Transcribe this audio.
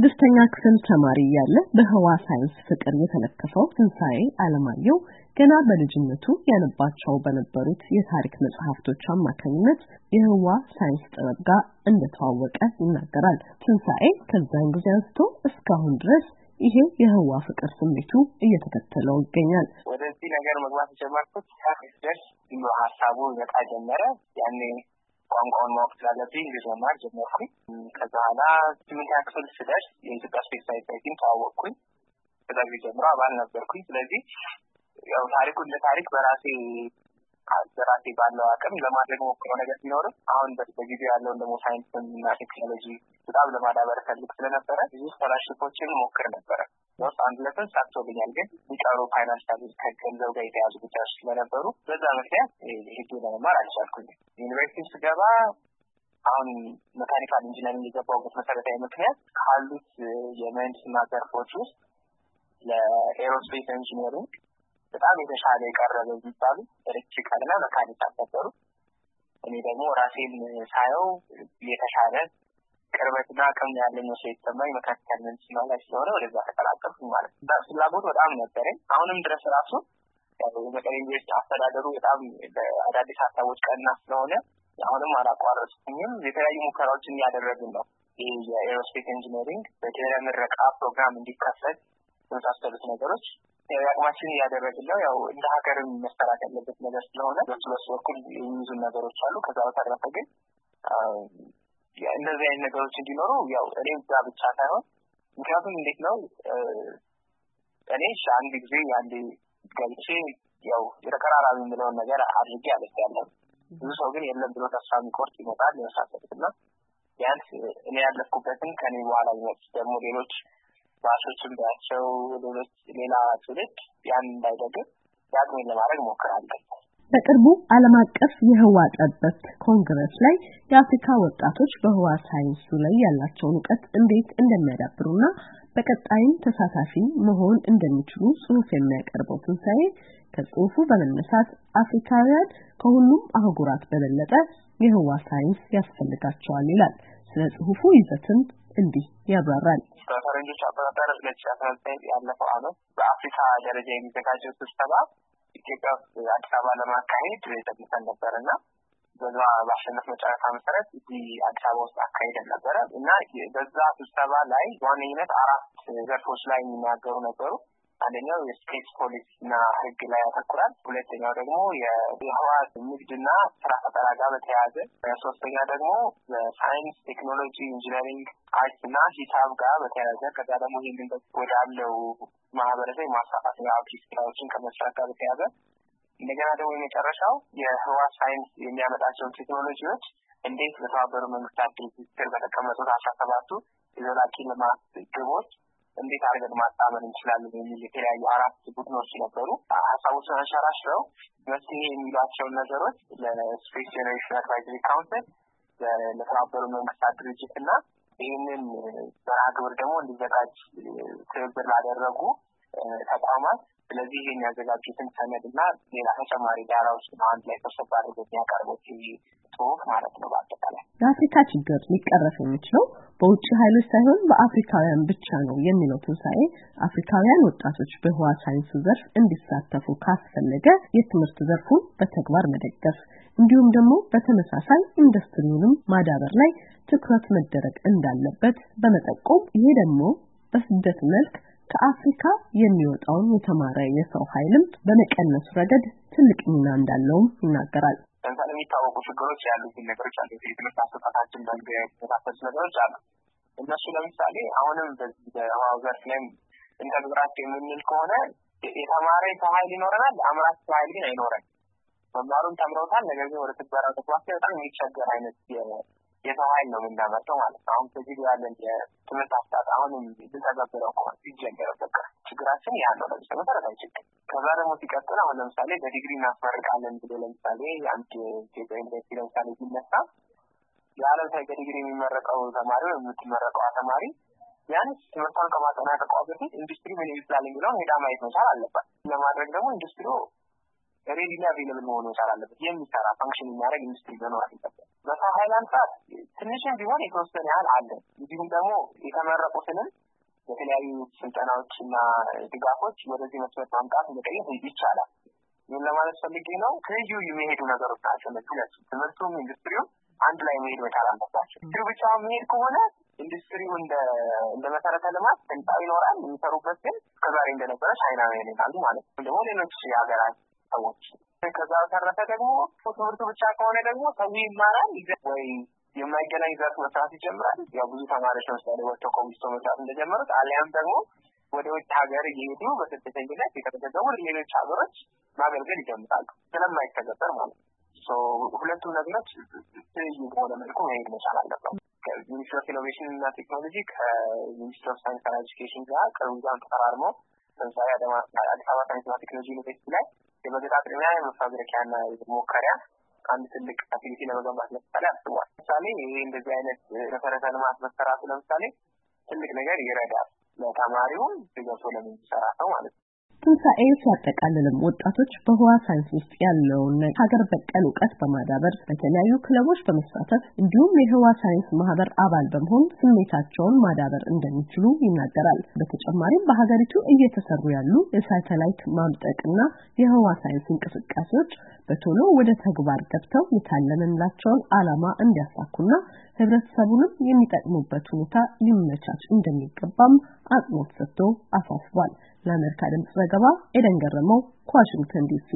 ስድስተኛ ክፍል ተማሪ እያለ በህዋ ሳይንስ ፍቅር የተለከፈው ትንሣኤ አለማየሁ ገና በልጅነቱ ያነባቸው በነበሩት የታሪክ መጽሐፍቶች አማካኝነት የህዋ ሳይንስ ጥበብ ጋር እንደተዋወቀ ይናገራል። ትንሣኤ ከዛን ጊዜ አንስቶ እስካሁን ድረስ ይሄ የህዋ ፍቅር ስሜቱ እየተከተለው ይገኛል። ወደዚህ ነገር መግባት የጀመርኩት ደስ ሀሳቡ ይበቃ ጀመረ ያኔ ቋንቋውን ማወቅ ስላለብኝ እንግሊዝኛ ጀመርኩኝ። ከዛ በኋላ ስምንተኛ ክፍል ስደርስ የኢትዮጵያ ስፔስ ሳይሳይቲን ተዋወቅኩኝ። ከዛ ጊዜ ጀምሮ አባል ነበርኩኝ። ስለዚህ ያው ታሪኩ እንደ ታሪክ በራሴ በራሴ ባለው አቅም ለማድረግ ሞክረው ነገር ቢኖርም አሁን በጊዜ ያለውን ደግሞ ሳይንስ እና ቴክኖሎጂ በጣም ለማዳበር ፈልግ ስለነበረ ብዙ ስኮላርሽፖችን ሞክር ነበረ። ውስጥ አንድ ለፈስ ሳክቶብኛል። ግን ሊቀሩ ፋይናንሻል ከገንዘብ ጋር የተያዙ ጉዳዮች ስለነበሩ በዛ ምክንያት ህግ ለመማር አልቻልኩኝ። ዩኒቨርሲቲ ስገባ አሁን መካኒካል ኢንጂነሪንግ የገባውበት መሰረታዊ ምክንያት ካሉት የምህንድስና ዘርፎች ውስጥ ለኤሮስፔስ ኢንጂነሪንግ በጣም የተሻለ የቀረበ የሚባሉ ኤሌክትሪካልና መካኒካል ነበሩ። እኔ ደግሞ ራሴን ሳየው የተሻለ ቅርበትና አቅም ያለኝ ሰው የተሰማኝ መካከል ምንስማ ላይ ስለሆነ ወደዛ ተቀላቀልኩኝ ማለት ነው። ፍላጎት በጣም ነበረኝ። አሁንም ድረስ ራሱ የመቀሌ ዩኒቨርሲቲ አስተዳደሩ በጣም አዳዲስ ሀሳቦች ቀና ስለሆነ አሁንም አላቋረጥኩኝም። የተለያዩ ሙከራዎችን እያደረግን ነው። ይህ የኤሮስፔስ ኢንጂነሪንግ በድህረ ምረቃ ፕሮግራም እንዲከፈት የመሳሰሉት ነገሮች የአቅማችን እያደረግን ነው። ያው እንደ ሀገርም መሰራት ያለበት ነገር ስለሆነ በሱ በሱ በኩል የሚይዙን ነገሮች አሉ። ከዛ በተረፈ ግን እንደዚህ አይነት ነገሮች እንዲኖሩ ያው እኔ ብቻ ብቻ ሳይሆን ምክንያቱም እንዴት ነው እኔ አንድ ጊዜ አንድ ገብቼ ያው የተቀራራቢ የምለውን ነገር አድርጌ አለፍ ያለው ብዙ ሰው ግን የለም ብሎ ተስፋ የሚቆርጥ ይመጣል የመሳሰሉት ና ቢያንስ እኔ ያለፍኩበትን ከኔ በኋላ ይመጡ ደግሞ ሌሎች ባሶችን ባያቸው ሌሎች ሌላ ትውልድ ያን እንዳይደግም ያቅሜን ለማድረግ ሞክራለን በቅርቡ ዓለም አቀፍ የህዋ ጠበብት ኮንግረስ ላይ የአፍሪካ ወጣቶች በህዋ ሳይንሱ ላይ ያላቸውን እውቀት እንዴት እንደሚያዳብሩና በቀጣይም ተሳታፊ መሆን እንደሚችሉ ጽሑፍ የሚያቀርበው ትንሳኤ ከጽሑፉ በመነሳት አፍሪካውያን ከሁሉም አህጉራት በበለጠ የህዋ ሳይንስ ያስፈልጋቸዋል ይላል። ስለ ጽሑፉ ይዘትም እንዲህ ያብራራል። በፈረንጆች አቆጣጠር ሁለት ሺ አስራ ዘጠኝ ያለፈው አመት በአፍሪካ ደረጃ የሚዘጋጀው ስብሰባ ኢትዮጵያ ውስጥ አዲስ አበባ ለማካሄድ ጠቅሰን ነበር እና በዛ በአሸነፍ መጨረሻ መሰረት እዚህ አዲስ አበባ ውስጥ አካሄደን ነበረ እና በዛ ስብሰባ ላይ በዋነኝነት አራት ዘርፎች ላይ የሚናገሩ ነበሩ። አንደኛው የስፔስ ፖሊሲ እና ህግ ላይ ያተኩራል። ሁለተኛው ደግሞ የህዋ ንግድና ስራ ፈጠራ ጋር በተያያዘ፣ ሶስተኛ ደግሞ በሳይንስ ቴክኖሎጂ፣ ኢንጂነሪንግ፣ አርት እና ሂሳብ ጋር በተያያዘ ከዛ ደግሞ ይህንን ወዳለው ማህበረሰብ የማስፋፋት አዲስ ስራዎችን ከመስራት ጋር በተያያዘ እንደገና ደግሞ የመጨረሻው የህዋ ሳይንስ የሚያመጣቸውን ቴክኖሎጂዎች እንዴት በተባበሩ መንግስታት ድርጅት ስር በተቀመጡት አስራ ሰባቱ የዘላቂ ልማት ግቦች እንዴት አድርገን ማጣመር እንችላለን የሚል የተለያዩ አራት ቡድኖች ነበሩ። ሀሳቦችን አንሸራሽረው መፍትሄ የሚሏቸውን ነገሮች ለስፔስ ጀኔሬሽን አድቫይዘሪ ካውንስል ለተባበሩ መንግስታት ድርጅት እና ይህንን መርሃ ግብር ደግሞ እንዲዘጋጅ ትብብር ላደረጉ ተቋማት ስለዚህ ይህን ያዘጋጁትን ሰነድ እና ሌላ ተጨማሪ ዳራ ውስጥ በአንድ ላይ ሰብሰብ አድርገው የሚያቀርቡት ጽሁፍ ማለት ነው። በአጠቃላይ የአፍሪካ ችግር ሊቀረፍ የሚችለው በውጭ ኃይሎች ሳይሆን በአፍሪካውያን ብቻ ነው የሚለው ትንሳኤ አፍሪካውያን ወጣቶች በህዋ ሳይንሱ ዘርፍ እንዲሳተፉ ካስፈለገ የትምህርት ዘርፉን በተግባር መደገፍ እንዲሁም ደግሞ በተመሳሳይ ኢንዱስትሪውንም ማዳበር ላይ ትኩረት መደረግ እንዳለበት በመጠቆም ይሄ ደግሞ በስደት መልክ ከአፍሪካ የሚወጣውን የተማረ የሰው ኃይልም በመቀነሱ ረገድ ትልቅ ሚና እንዳለውም ይናገራል። ለምሳሌ የሚታወቁ ችግሮች ያሉትን ነገሮች አሉ። የትምህርት አሰጣጣችን በመሳሰሉት ነገሮች አሉ። እነሱ ለምሳሌ አሁንም በዚህ በውሃው ዘርፍ ላይ እንተግብራቸው የምንል ከሆነ የተማረ ሰው ኃይል ይኖረናል፣ አምራች ሰው ኃይል ግን አይኖረን። መማሩን ተምረውታል። ነገር ግን ወደ ትግበራ ተጓቸው በጣም የሚቸገር አይነት የሰው ነው የምናመርተው ማለት ነው። አሁን ከዚህ ያለን የትምህርት አስጣት አሁንም ልተገብረው ከሆነ ሲጀመረ በቃ ችግራችን ያ ነው። ለምሳሌ መሰረታዊ ችግር ከዛ ደግሞ ሲቀጥል አሁን ለምሳሌ በዲግሪ እናስመርቃለን ብሎ ለምሳሌ አንድ ኢትዮጵያ ዩኒቨርሲቲ ለምሳሌ ሲነሳ የአለም ሳይ በዲግሪ የሚመረቀው ተማሪ ወይም የምትመረቀው ተማሪ ቢያንስ ትምህርቷን ከማጠናቀቋ በፊት ኢንዱስትሪ ምን ይባላል የሚለውን ሄዳ ማየት መቻል አለባት። ለማድረግ ደግሞ ኢንዱስትሪው ሬዲና አቬለብል መሆኑ መቻል አለበት። የሚሰራ ፋንክሽን የሚያደርግ ኢንዱስትሪ መኖራት ይጠበቅ። በፀሐይ አንሳት ትንሽም ቢሆን የተወሰነ ያህል አለ። እንዲሁም ደግሞ የተመረቁትንም የተለያዩ ስልጠናዎች እና ድጋፎች ወደዚህ መስመር ማምጣት መቀየት ይቻላል። ይህን ለማለት ፈልጌ ነው። ከዩ የሚሄዱ ነገሮች ናቸው እነዚህ ሁለቱ፣ ትምህርቱም ኢንዱስትሪውም አንድ ላይ መሄድ መቻል አለባቸው። ኢንዱስትሪ ብቻ መሄድ ከሆነ ኢንዱስትሪው እንደ እንደ መሰረተ ልማት ህንፃው ይኖራል። የሚሰሩበት ግን እስከዛሬ እንደነበረ ቻይና ይሆናሉ ማለት ነው። ደግሞ ሌሎች የሀገራት ሰዎች። ከዛ በተረፈ ደግሞ ትምህርቱ ብቻ ከሆነ ደግሞ ሰው ይማራል ወይ የማይገናኝ ዘርፍ መስራት ይጀምራል። ያው ብዙ ተማሪዎች ለምሳሌ ወጥቶ ኮሚስቶ መስራት እንደጀመሩት አሊያም ደግሞ ወደ ውጭ ሀገር እየሄዱ በስደተኝነት የተመዘገቡ ሌሎች ሀገሮች ማገልገል ይጀምራሉ። ስለማይተገበር ማለት ነው። ሁለቱም ነገሮች ትይዩ በሆነ መልኩ መሄድ መቻል አለበት። ሚኒስትር ኦፍ ኢኖቬሽን እና ቴክኖሎጂ ከሚኒስትር ኦፍ ሳይንስ ኤዱኬሽን ጋር ቅርብ ጋር ተፈራርሞ ለምሳሌ አዲስ አበባ ሳይንስና ቴክኖሎጂ ዩኒቨርሲቲ ላይ የበገጣ ቅድሚያ የመፋብሪካና ሞከሪያ አንድ ትልቅ ፋሲሊቲ ለመገንባት ለምሳሌ አስቧል። ለምሳሌ ይህ እንደዚህ አይነት መሰረተ ልማት መሰራቱ ለምሳሌ ትልቅ ነገር ይረዳል። ለተማሪውም ገብቶ ለምንሰራ ሰው ማለት ነው። ትንሣኤ ሲያጠቃልልም ወጣቶች በህዋ ሳይንስ ውስጥ ያለውን ሀገር በቀል እውቀት በማዳበር በተለያዩ ክለቦች በመሳተፍ እንዲሁም የህዋ ሳይንስ ማህበር አባል በመሆን ስሜታቸውን ማዳበር እንደሚችሉ ይናገራል። በተጨማሪም በሀገሪቱ እየተሰሩ ያሉ የሳተላይት ማምጠቅና የህዋ ሳይንስ እንቅስቃሴዎች በቶሎ ወደ ተግባር ገብተው የታለመላቸውን ዓላማ እንዲያሳኩና ህብረተሰቡንም የሚጠቅሙበት ሁኔታ ሊመቻች እንደሚገባም አጽንኦት ሰጥቶ አሳስቧል። ለአሜሪካ ድምጽ ዘገባ ኤደን ገረመው ከዋሽንግተን ዲሲ